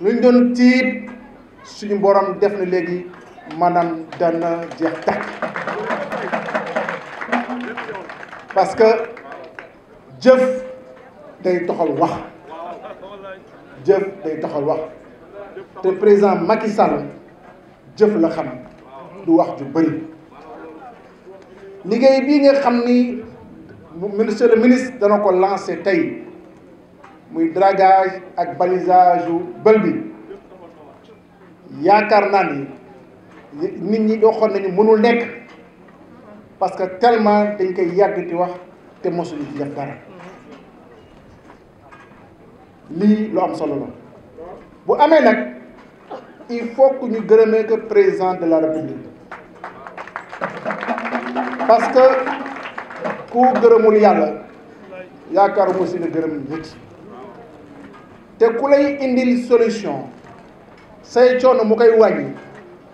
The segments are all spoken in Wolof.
luñ doon tiit suñu borom def na léegi dana jeex pasca parce que jëf day toxal wax jëf day toxal wax te président Macky Sall jëf la xam du wax ju bëri liggéey bii nga xam ni monsieur le ministre dana ko tey muy dragage ak balisage yu bël bi yaakaar naa ni nit ñi doxoon nañu mënul nekk parce que tellement dañ koy yàgg di wax te mosuñu ci def dara lii lu am solo la bu amee nag il faut que ñu gërëmee que président de la république parce que ku gërëmul yàlla yaakaaruma si nga gërëm nit te ku lay indil solution say coono mu koy wàññi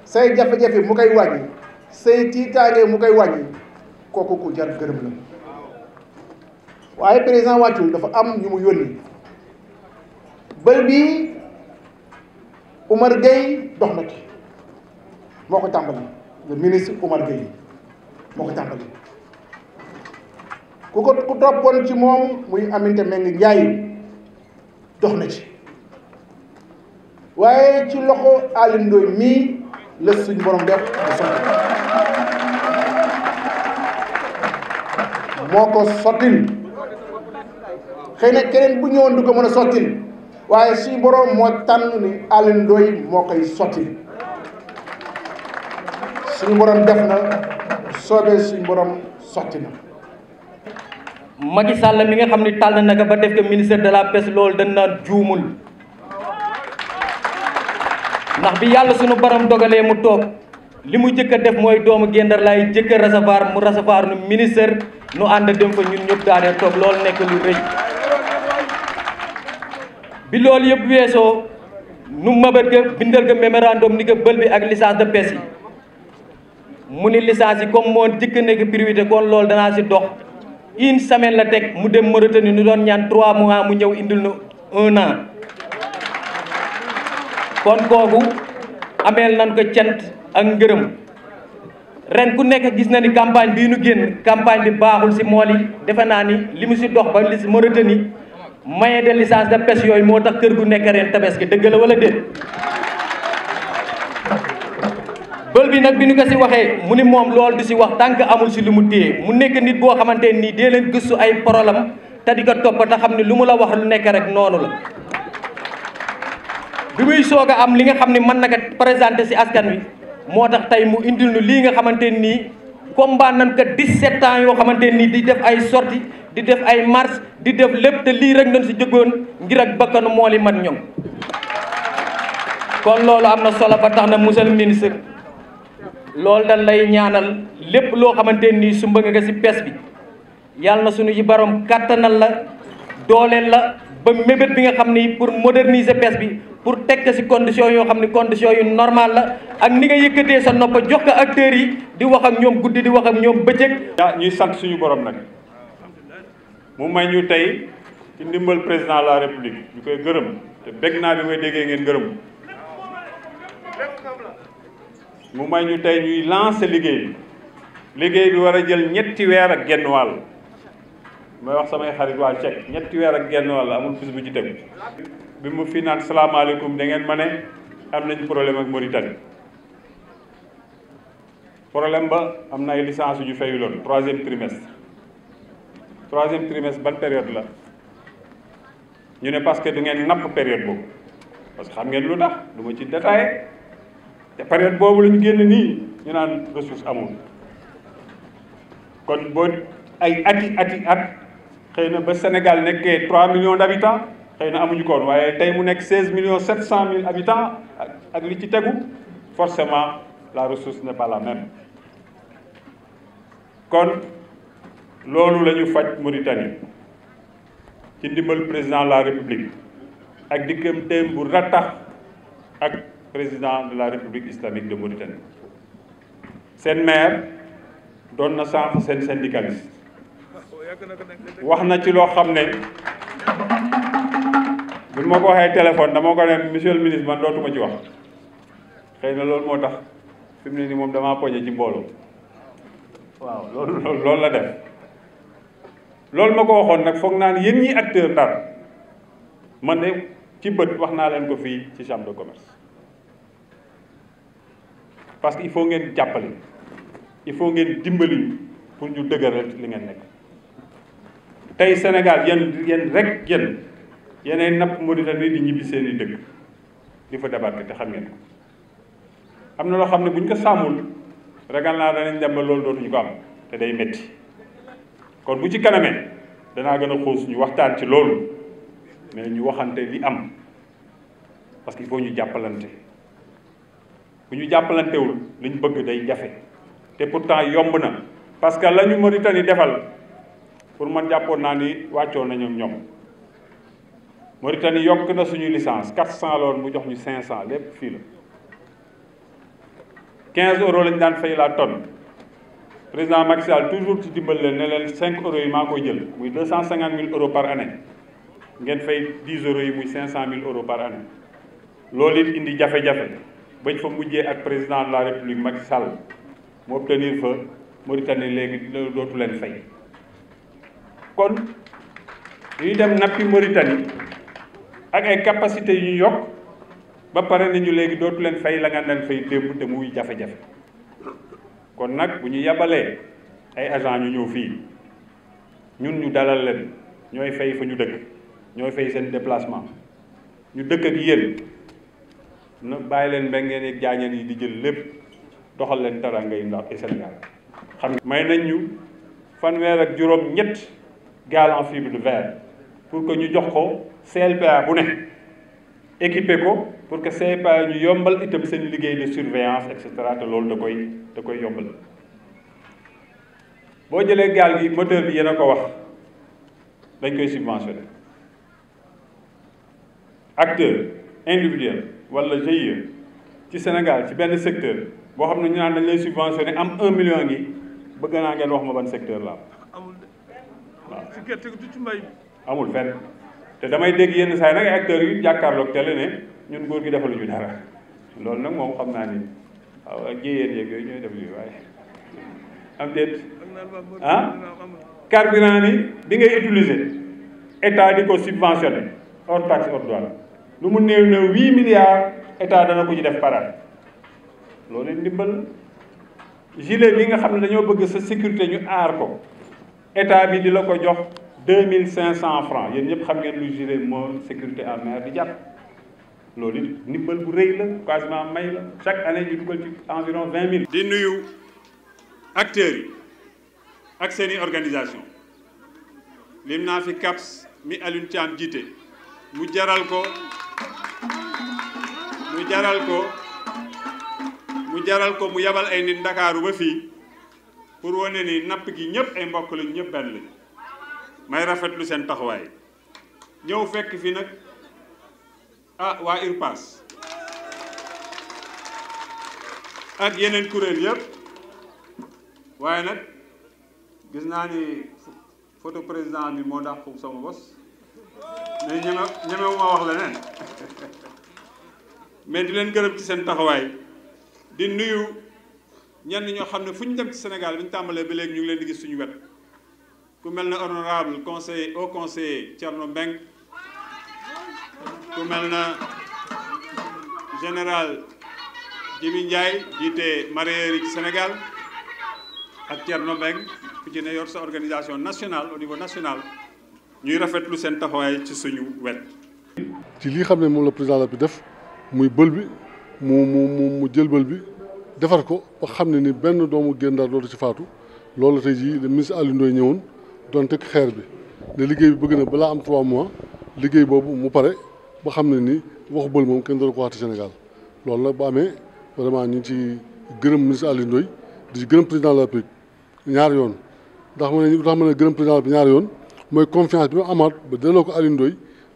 say jafe-jafe mu koy wàññi say tiitaange mu koy wàññi kooku ku jar gërëm la waaye président wàccul dafa am ñu mu yónni bël bii Oumar Gueye dox na ci moo ko tàmbali le ministre Oumar Gueye moo ko tàmbali ku ko ku toppoon ci moom muy Aminata Mbengue Ndiaye dox na ci waaye ci loxo Alioune Ndoye mii la suñ borom def moo ko sottil xëy na keneen bu ñëwoon du ko mën a sottil waaye suñ borom moo tànn ni àll Ndoye moo koy sottil suñ borom def na soo soobee suñ borom sotti na Macky Sall mi nga xam ni tàll naka ba def ko ministère de la pêche loolu dañ naan juumul ndax bi yàlla suñu borom dogalee mu toog li mu jëkk def mooy doomu Gendar lay jëkk a mu recevoir nu ministère nu ànd dem fa ñun ñëpp daanee toog loolu nekk lu rëy bi loolu yëpp weesoo nu mëbët ga bindal ga mémorandum ni ko bël bi ak licence de pêche yi mu ni licence yi comme moo jëkk nekk priorité kon loolu danaa si dox une semaine la teg mu dem Mauritanie ñu doon ñaan trois mois mu ñëw indil nu un an kon kooku ameel nan ko cant ak ngërëm ren ku nekk gis na ni campagne bii nu génn campagne bi baaxul si mool yi defe naa ni li mu si dox ba li si Mauritanie maye de licence de pêche yooyu moo tax kër gu nekk ren tabaski dëgg la wala déet bël bi nag bi ñu ko si waxee mu ni moom loolu du si wax tànk amul si lu mu téye mu nekk nit boo xamante nii dee leen gëstu ay problème te di ko topp te xam ne lu mu la wax lu nekk rek noonu la bi muy soog a am li nga xam ne mën na ko askan wi moo tax mu indil nu lii nga xamante combat nan ko 17 ans yoo xamante di def ay sortie di def ay marche di def lépp te lii rek nañ si jógoon ngir ak bakkanu mool yi man ñoom kon loolu am na solo ba tax monsieur ministre loolu dañ lay ñaanal lépp loo xamante nii sumba nga si pes bi yàlla na suñu yi barom kàttanal la dooleel la ba mébét bi nga xam ni pour moderniser pes bi pour teg ko si condition yoo xam ni condition yu normal la ak ni nga yëkkatee sa noppa jox ko acteurs yi di wax ak ñoom guddi di wax ak ñoom bëccëg ñuy sant suñu borom nag mu may ñu tey ci ndimbal président la république ñu koy gërëm te bég naa bi may déggee ngeen gërëm mu may ñu tey ñuy lancer liggéey bi liggéey bi war a jël ñetti weer ak genn wàll may wax samay xarit waa Cek ñetti weer ak genn wàll amul bis bu ci tegu bi mu fi naan salaamaaleykum da ngeen ma am nañ problème ak Mauritanie problème ba am na ay licence yu ñu fayuloon troisième trimestre troisième trimestre ban période la ñu ne parce que du ngeen napp période boobu parce que xam ngeen lu tax ci te période bobu la ñu génn nii ñu naan ressource amul kon bo ay ati ati at xëy na ba Sénégal nekkee 3 millions d' habitants xëy na amuñu koon waaye tey mu nekk 16 millions 700 mille habitants ak li ci tegu forcément la ressource n'est pas la même kon loolu la ñu faj Mauritanie ci ndimbal président de la République ak diggante bu rattax ak président de la république islamique de Mauritanie seen maire doon na sànq seen syndicaliste wax na ci loo xam ne bu ma ko waxee téléphone dama ko ne monsieur ministre man dootuma ci wax xëy na loolu moo tax fi ne nii moom damaa poñe ci mbooloo waaw loolu loolu la def loolu ma ko waxoon nag foog naa ne yéen ñi acteur Ndar man de ci bët wax naa leen ko fii ci chambre de commerce parce que il faut ngeen jàppale il faut ngeen dimbali pour ñu dëgëral li ngeen nekk tey Sénégal yéen yéen rek yéen yeneen napp Mauritanie di ñibbi seen i dëkk di fa débarquer te xam ngeen ko am na loo ne bu ñu ko sàmmul ragal naa danañ dem ba loolu dootuñu ko am te day metti kon bu ci kanamee danaa gën a ñu waxtaan ci loolu mais ñu li am parce que il faut ñu bu ñu jàppalantewul liñ bëgg day jafe te pourtant yomb na parce que la ñu Mauritanie defal pour man jàppoon naa ni wàccoon nañu ñoom Mauritanie yokk na suñuy licence 400 cent woon mu jox ñu 500 lépp fii la 15 euros lañ daan fay la tonne président Macky Sall toujours ci dimbal leen ne cinq 5 euros yi maa koy jël muy 250 000 euros par année ngeen fay 10 euros yi muy 500 000 euros par année loolu it indi jafe-jafe. bañ fa mujjee ak président de la république Macky Sall mu obtenir fa Mauritanie léegi dootu leen fay kon ñu dem nappi Mauritanie ak ay capacité yu ñu yokk ba pare ñu léegi dootu leen fay la nga leen fay démb te muy jafe-jafe kon nag bu ñu yabalee ay agent ñu ñëw fii ñun ñu dalal leen ñooy fay fa ñu dëkk ñooy fay seen déplacement ñu dëkk ak yéen na bàyyi leen mbengeen yi jaañeen yi di jël lépp doxal leen teraanga yi Ndar et Sénégal xam nga may nañ ñu fanweer ak juróom ñett gaal en fibre de verre pour que ñu jox ko CLPA bu ne équipé ko pour que CLPA ñu yombal itam seen liggéey de surveillance et cetera te loolu da koy da koy yombal boo jëlee gaal gi moteur bi yéen a ko wax dañ koy subventionné acteur individuel wala GIE ci Sénégal ci benn secteur boo xam ne ñu naan dañ lay subventionné am un million gi bëgg naa ngeen wax ma ban secteur la amul ci gerte ci mbay amul fenn te damay dégg yenn saa yi nag yi yu jàkkaarloog tele ne ñun góor gi defaluñu dara loolu nag moom xam naa ni waaw ak jéyeen yeeg yooyu ñooy def lii waaye am déet ah carburant bi bi ngay utiliser état di ko subventionné hors taxe hors douane lu mu na 8 milliards état dana ko ci def paral loolu ndimbal gilet bi nga xam ne dañoo bëgg sa sécurité ñu aar ko état bi di la ko jox 2500 francs yéen ñëpp xam ngeen lu gilet moo sécurité à mer di jàpp loolu nimbal bu rëy la quasiment may la chaque année ñu dugal ci environ 20 mille di nuyu acteurs yi ak seen i organisation lim naa fi caps mi alun tiam mu jaral ko jaral ko mu jaral ko mu yabal ay nit ndakaaru ba fii pour wane ni napp gi ñëpp ay mbokk lañ ñëpp benn lañ may rafetlu seen taxawaay ñëw fekk fi nag ah waa URPAS ak yeneen kuréel yépp waaye nag gis naa ni photo président bi moo dàq sama bos mais ñeme ñemewuma wax leneen mais di len gërëm ci seen taxaway di nuyu ñoo dem ci Sénégal tambalé ba ñu ngi leen gis suñu ku honorable conseiller au conseil Thierno Mbeng ku melna général Jimi Ndiaye ci Sénégal ak Thierno Mbeng ku ci yor sa organisation nationale au niveau national ñuy rafetlu seen taxaway ci suñu ci li président la bi muy bël bi mu mu mu jël bël bi defar ko ba xam ne ni benn doomu Guet Ndar dootu ci faatu loolu tey jii le ministre Aly Ndoye ñëwoon doon teg xeer bi ne liggéey bi bëgg na balaa am trois mois liggéey boobu mu pare ba xam ne ni waxu bël moom kenn dootu ko waxati Sénégal loolu la ba amee vraiment ñu ngi ci gërëm ministre Aly di ci gërëm président de la République ñaari yoon ndax ma ne ndax ma gërëm président bi ñaari yoon mooy confiance bi ma amaat ba delloo ko Aly Ndoye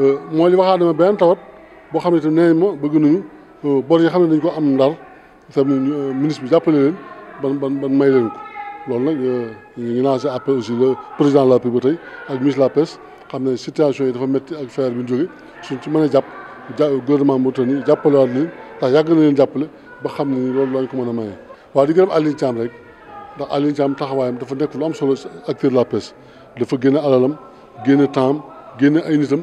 Euh, moo li waxaat dama benn tawat boo xam ne itam nee ma bëgg nañu euh, bor yi xam ne nañ ko am ndar itam euh, ministre bi jàppale leen ba ban ban may loolu nag ñu ngi lancé appel la République ak ministre la pêche xam ne situation yi dafa métti ak fer bi ñu jóge suñ ci mën a jàpp gouvernement Mauritanie jàppale waat leen ndax yàgg na leen jàppale ba xam ne loolu lañ ko mën a maye. waaw di gërëm Alioune Thiam rek ndax Alioune Thiam taxawaayam dafa nekk lu am solo acteur de la pêche dafa génn alalam génn temps génn ay nitam.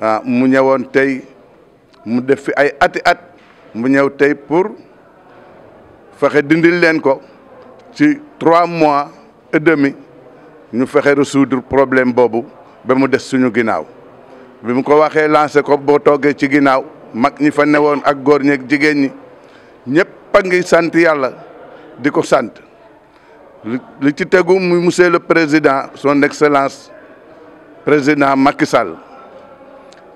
Ah, mu ñëwoon tey mu def fi ay ati at mu ñëw tey pour fexe dindil leen ko ci trois mois et demi ñu fexe résoudre problème boobu ba mu des suñu ginnaaw bi mu ko waxee lancé ko boo toogee ci ginnaaw mag ñi fa newoon ak góor ñeeg jigéen ñi ñëpp a ngi sant yàlla di ko sant li ci tegu muy monsieur le président son excellence président Macky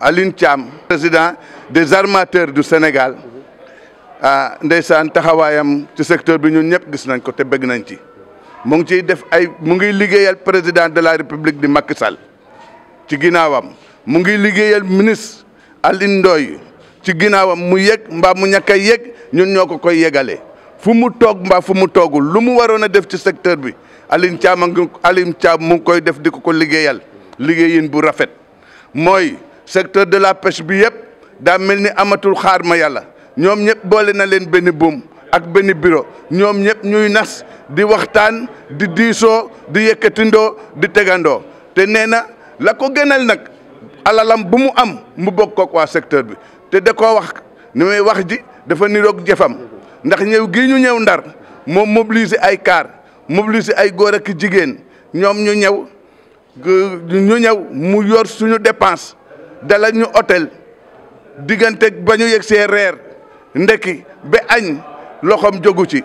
Alioune Thiam président des armateurs du Sénégal ah ndeysaan taxawaayam ci secteur bi ñun ñëpp gis nañ ko te bëgg nañ ci mu ngi ciy def ay mu ngi liggéeyal président de la république di Macky Sall ci ginnaawam mu ngi liggéeyal ministre Alioune Ndoye ci ginnaawam mu yëg mbaa mu ñàkk a yëg ñun ñoo ko koy yëgalee fu mu toog mba fu mu toogul lu mu waroon a def ci secteur bi Alioune Thiam Alioune caam mu ngi koy def di ko ko liggéeyal liggéeyin bu rafet mooy. secteur de la pêche bi yëpp daa mel ni amatul xaar ma yàlla ñoom ñëpp boole na leen benn buum ak benn bureau ñoom ñëpp ñuy nas di waxtaan di diisoo di yëkkatindoo di tegandoo te nee na la ko gënal nag alalam bu mu am mu bokk kook secteur bi te da koo wax ni may wax ji dafa niroog jëfam ndax ñëw gii ñu ñëw ndar moom mobiliser ay kaar mobiliser ay góor ak jigéen ñoom ñu ñëw ñu ñëw mu yor suñu dépense dala ñu otel diggante ba ñu yegg see reer ndekki ba añ loxoom jógu ci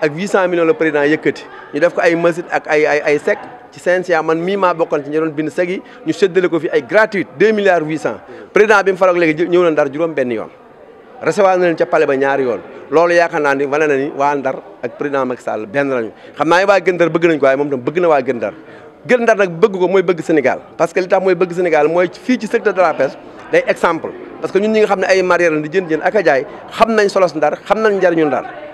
ak 800 millions la président yëkkati ñu def ko ay masjid ak ay ay ay sec ci CNCA man mii maa bokkoon ci ñu doon bind ñu séddale ko fi ay gratuite 2 milliards 800. président bi mu faral léegi ñëw na ndar juróom benn yoon recevoir na leen ca palais ba ñaari yoon loolu yaakaar naa ni wane na ni waa ndar ak président Macky Sall benn lañu xam naa ne waa Gën Ndar na waa Gën Ndar Gën Ndar nag bëgg ko mooy bëgg Sénégal parce que li tax mooy bëgg Sénégal mooy fii ci secteur de la pêche day exemple parce que ñun ñi nga xam ne ay mareyeur di jën a jaay xam nañ solos ndar xam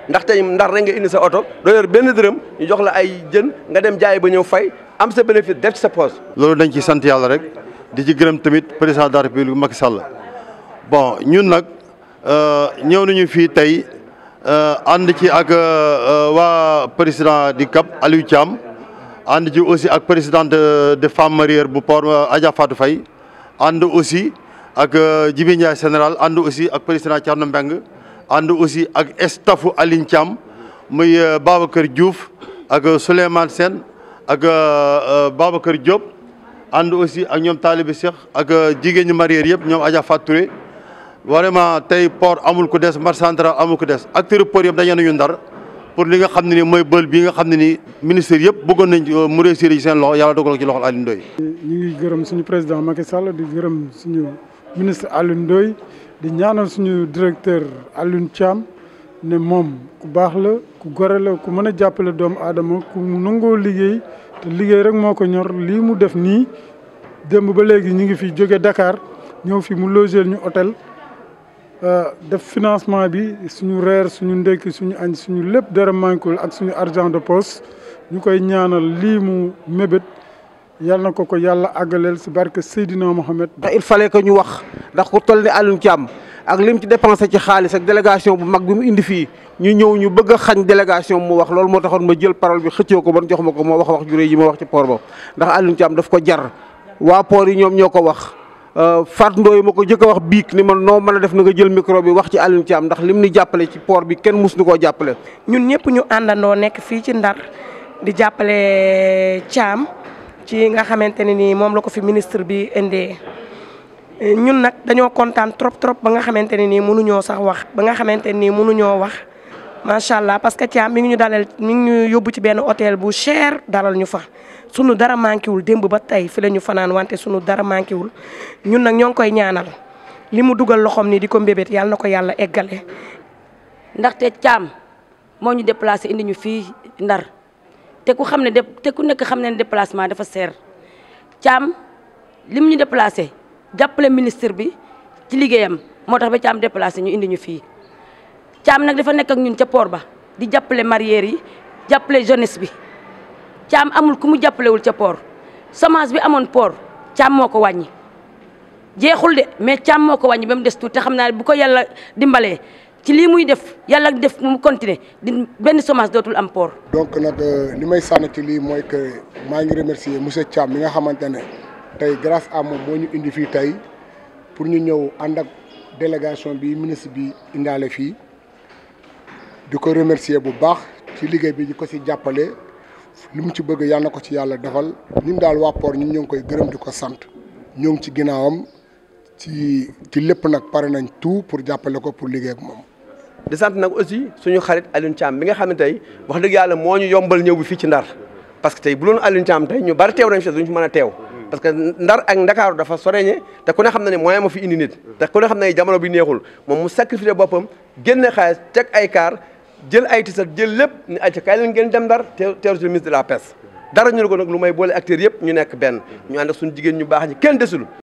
ndax tey ndax rek nga indi sa oto doo yor benn dërëm ñu jox la ay jën nga dem jaay ba ñëw fay am sa bénéfice def ci sa poche. loolu dañ ci sant yàlla rek di ci gërëm tamit président de la république Macky Sall bon ñun nag euh, ñëw nañu fii tey euh, ànd ci ak euh, waa président di kap Aliou Thiam ànd ci aussi ak présidente de femme marière bu por Adja Fatou Faye ànd aussi ak Djibi Ndiaye général ànd aussi ak président Thierno Mbengue ànd aussi ak staffu Aline Thiam muy euh, Babacar Diouf ak euh, Souleymane sen ak euh, Babacar Diop ànd aussi ak ñoom Talibé Cheikh ak jigéen ñi marier yëpp ñoom Adja Faturé vraiment tey por amul ku des marché central amul ku des acteurs port yëpp dañu nañu ndar pour li nga xam ne ni mooy bël bi nga xam ne ni ministère yëpp bëggoon nañ mu réussir ci seen loxo yàlla dogal ci loxol Alioune ñu ngi gërëm suñu président ma Macky Sall di gërëm suñu ministre Alioune Ndoye di ñaanal suñu directeur Alioune Thiam ne moom ku baax la ku gore la ku mën a jàppale doomu aadama ku nangoo liggéey te liggéey rek moo ko ñor lii mu def nii démb ba léegi ñu ngi fi jóge dakaar ñëw fi mu loger ñu hôtel euh, def financement bi suñu reer suñu ndekki suñu añ suñu lépp dara manqué ak suñu argent de poche ñu koy ñaanal lii mu mébét yal na ko ko yàlla àggaleel si barke Seydina Mohamed. il fallait que ñu wax ndax ku toll ni Alioune Thiam ak lim ci dépensé ci xaalis ak délégation bu mag bi mu indi fii ñu ñëw ñu bëgg a xañ délégation mu wax loolu moo taxoon ma jël parole bi xëccoo ko ban jox ma ko moo wax wax juré yi ma wax ci port ba ndax Alioune Thiam daf ko jar waa port yi ñoom ñoo ko wax. Euh, Fatou Ndoye ma ko jëkk wax biig ni man noo mën a def na nga jël micro bi wax ci Alioune Thiam ndax lim ni jàppale ci port bi kenn mus koo jàppale. ñun ñëpp ñu àndandoo nekk fii ci Ndar di jàppale Thiam ci nga xamante ni mom la ko fi ministre bi indee ñun nag dañoo kontaan trop trop ba nga xamante ne ni mënuñoo sax wax ba nga xamante ni mënuñoo wax macha allah parce que Thiam mi ngi ñu dalal mi ngi ñu yóbbu ci hôtel bu cher dalal ñu fa sunu dara ul wul démb ba tey fi la wante sunu dara ul. wul ñun nag ñoo ngi koy ñaanal li mu dugal ni di ko yalla yàlla na ko yàlla eggale. ndaxte Thiam moo ñu déplacé indi ñu Ndar te ku ne de te ku nekk xam ne ne déplacement dafa seer cham lim ñu déplacé jàppale ministre bi ci liggéeyam moo tax ba caam déplacé ñu indi ñu fii caam nag dafa nekk ak ñun ca port ba di jàppale marieri, yi jàppale jeunesse bi cham amul kumu mu jàppalewul ca port semence bi amon port cham moo ko wàññi jeexul de mais cham moo ko wàññi ba mu des tuuti bu ko ci lii muy def yàlla def mu continuer di benn chômage dootul am port. donc nag euh, li may sànni ci lii mooy que maa ngi remercier monsieur Thiam mi nga xamante ne tey grâce à moom moo ñu indi fii tey pour ñu ñëw ànd ak délégation bi ministre bi indaale fii di ko remercier bu baax ci liggéey bi di ko si jàppale lu mu ci bëgg yàlla ko ci yàlla defal ñun daal waa port ñun ñoo ngi koy gërëm di ko sant ñoo ngi ci ginnaawam ci ci lépp nag pare nañ tout pour jàppale ko pour liggéey moom. di sant nag aussi suñu xarit Alioune Thiam bi nga xam ne tey wax dëgg yàlla moo ñu yombal ñëw bi fii ci Ndar parce que tey bu loon Alioune Thiam tey ñu bari teew nañ fi duñ fi mën a teew parce que Ndar ak Ndakaaru dafa soreñe te ku ne xam ne ne moyen moo fi indi nit te ku ne xam ne jamono bi neexul moom mu sacrifié boppam génne xaalis teg ay kaar jël ay tisat jël lépp ni acca kaay leen ngeen dem Ndar teew ci ministre de la pes dara ñu ne lu may boole acteurs yëpp ñu nekk benn ñu suñu jigéen ñu baax ñi kenn desul